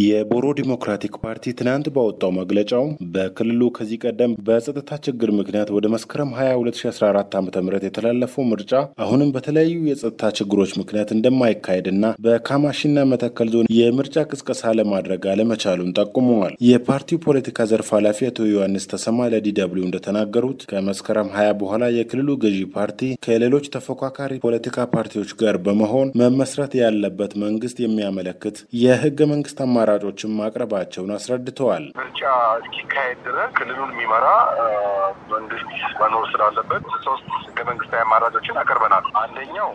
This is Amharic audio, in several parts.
የቦሮ ዲሞክራቲክ ፓርቲ ትናንት ባወጣው መግለጫው በክልሉ ከዚህ ቀደም በጸጥታ ችግር ምክንያት ወደ መስከረም 20 2014 ዓ ም የተላለፈው ምርጫ አሁንም በተለያዩ የጸጥታ ችግሮች ምክንያት እንደማይካሄድና በካማሺና መተከል ዞን የምርጫ ቅስቀሳ ለማድረግ አለመቻሉን ጠቁመዋል። የፓርቲው ፖለቲካ ዘርፍ ኃላፊ አቶ ዮሐንስ ተሰማ ለዲደብሊው እንደተናገሩት ከመስከረም 20 በኋላ የክልሉ ገዢ ፓርቲ ከሌሎች ተፎካካሪ ፖለቲካ ፓርቲዎች ጋር በመሆን መመስረት ያለበት መንግስት የሚያመለክት የህገ መንግስት አማ አማራጮችን ማቅረባቸውን አስረድተዋል። ምርጫ እስኪካሄድ ድረስ ክልሉን የሚመራ መንግስት መኖር ስላለበት ሶስት ህገ መንግስታዊ አማራጮችን አቅርበናል። አንደኛው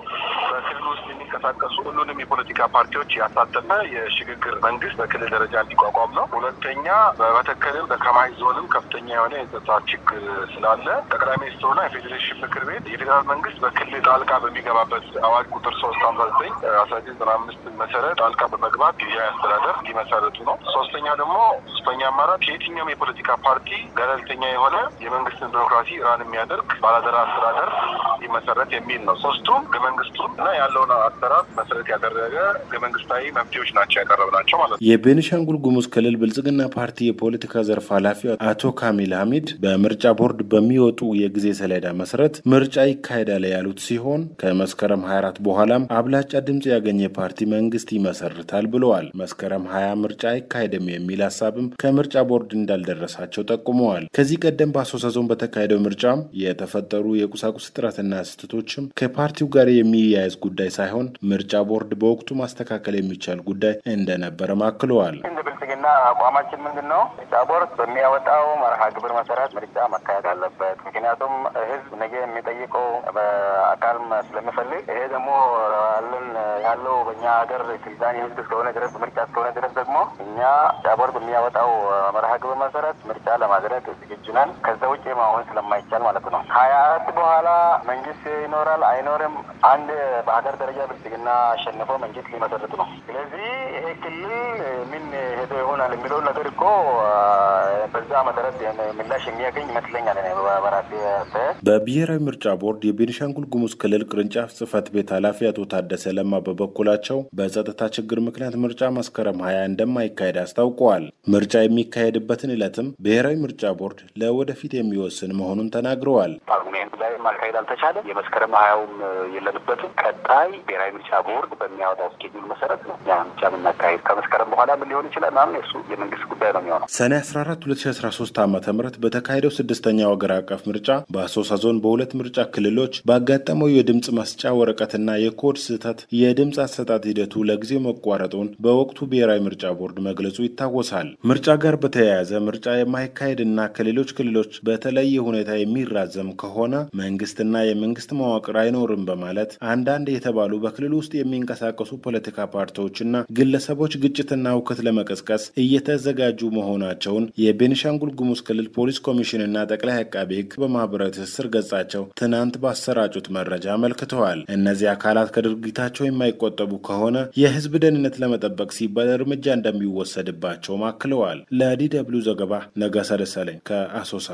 በክልል ውስጥ የሚንቀሳቀሱ ሁሉንም የፖለቲካ ፓርቲዎች ያሳተፈ የሽግግር መንግስት በክልል ደረጃ እንዲቋቋም ነው። ሁለተኛ በመተከልም በከማይ ዞንም ከፍተኛ የሆነ የጸጥታ ችግር ስላለ ጠቅላይ ሚኒስትሩና የፌዴሬሽን ምክር ቤት የፌዴራል መንግስት በክልል ጣልቃ በሚገባበት አዋጅ ቁጥር ሶስት አምሳ ዘጠኝ አስራ ዘጠኝ ዘጠና አምስት መሰረት ጣልቃ በመግባት ጊዜያዊ አስተዳደር እንዲመሰረቱ ነው። ሶስተኛ ደግሞ ሶስተኛ አማራጭ የትኛውም የፖለቲካ ፓርቲ ገለልተኛ የሆነ የመንግስትን ቢሮክራሲ ራን የሚያደርግ ባላደራ አስተዳደር እንዲመሰረት የሚል ነው። ሶስቱም ለመንግስቱም እና ያለውን አሰራር መሰረት ያደረገ ህገ መንግስታዊ መፍትሄዎች ናቸው ያቀረብናቸው ማለት ነው። የቤኒሻንጉል ጉሙዝ ክልል ብልጽግና ፓርቲ የፖለቲካ ዘርፍ ኃላፊ አቶ ካሚል ሀሚድ በምርጫ ቦርድ በሚወጡ የጊዜ ሰሌዳ መሰረት ምርጫ ይካሄዳል ያሉት ሲሆን ከመስከረም 24 በኋላም አብላጫ ድምጽ ያገኘ ፓርቲ መንግስት ይመሰርታል ብለዋል። መስከረም 20 ምርጫ አይካሄድም የሚል ሀሳብም ከምርጫ ቦርድ እንዳልደረሳቸው ጠቁመዋል። ከዚህ ቀደም በአሶሳ ዞን በተካሄደው ምርጫም የተፈጠሩ የቁሳቁስ እጥረት ጥፋትና ስህተቶችም ከፓርቲው ጋር የሚያያዝ ጉዳይ ሳይሆን ምርጫ ቦርድ በወቅቱ ማስተካከል የሚቻል ጉዳይ እንደነበረ ማክለዋል። እንደ ብልጽግና አቋማችን ምንድን ነው? ምርጫ ቦርድ በሚያወጣው መርሃ ግብር መሰረት ምርጫ መካሄድ አለበት። ምክንያቱም ህዝብ ነገ የሚጠይቀው በአካል ስለሚፈልግ ይሄ ደግሞ ያለን ያለው በእኛ ሀገር ስልጣን የህዝብ እስከሆነ ድረስ ምርጫ እስከሆነ ድረስ ደግሞ እኛ ምርጫ ቦርድ በሚያወጣው መርሃ ግብር መሰረት ምርጫ ለማድረግ ዝግጁ ነን። ከዛ ውጭ ማሆን ስለማይቻል ማለት ነው ሀያ አራት በኋላ ይኖራል አይኖርም፣ አንድ በሀገር ደረጃ ብልጽግና አሸንፎ መንግስት ሊመሰርት ነው። ስለዚህ ይሄ ክልል ምን ሄዶ ይሆናል የሚለውን ነገር እኮ በዛ መሰረት ምላሽ የሚያገኝ ይመስለኛል። በራሴ በብሔራዊ ምርጫ ቦርድ የቤኒሻንጉል ጉሙዝ ክልል ቅርንጫፍ ጽህፈት ቤት ኃላፊ አቶ ታደሰ ለማ በበኩላቸው በጸጥታ ችግር ምክንያት ምርጫ መስከረም ሀያ እንደማይካሄድ አስታውቀዋል። ምርጫ የሚካሄድበትን ዕለትም ብሔራዊ ምርጫ ቦርድ ለወደፊት የሚወስን መሆኑን ተናግረዋል። ላይ ማካሄድ አልተቻለም። የመስከረም ሰማያዊም የለንበትም። ቀጣይ ብሔራዊ ምርጫ ቦርድ በሚያወጣው ስኬጁል መሰረት ነው ያ ምርጫ የምናካሄድ። ከመስከረም በኋላ ምን ሊሆን ይችላል ምናምን እሱ የመንግስት ጉዳይ ነው የሚሆነው። ሰኔ አስራ አራት ሁለት ሺ አስራ ሶስት አመተ ምህረት በተካሄደው ስድስተኛው ሀገር አቀፍ ምርጫ በአሶሳ ዞን በሁለት ምርጫ ክልሎች ባጋጠመው የድምፅ ማስጫ ወረቀትና የኮድ ስህተት የድምፅ አሰጣጥ ሂደቱ ለጊዜው መቋረጡን በወቅቱ ብሔራዊ ምርጫ ቦርድ መግለጹ ይታወሳል። ምርጫ ጋር በተያያዘ ምርጫ የማይካሄድና ከሌሎች ክልሎች በተለየ ሁኔታ የሚራዘም ከሆነ መንግስትና የመንግስት መ መዋቅር አይኖርም በማለት አንዳንድ የተባሉ በክልል ውስጥ የሚንቀሳቀሱ ፖለቲካ ፓርቲዎችና ግለሰቦች ግጭትና እውከት ለመቀስቀስ እየተዘጋጁ መሆናቸውን የቤኒሻንጉል ጉሙዝ ክልል ፖሊስ ኮሚሽንና ጠቅላይ አቃቤ ሕግ በማህበራዊ ትስስር ገጻቸው ትናንት ባሰራጩት መረጃ አመልክተዋል። እነዚህ አካላት ከድርጊታቸው የማይቆጠቡ ከሆነ የህዝብ ደህንነት ለመጠበቅ ሲባል እርምጃ እንደሚወሰድባቸውም አክለዋል። ለዲ ደብልዩ ዘገባ ነገሰ ደሰለኝ ከአሶሳ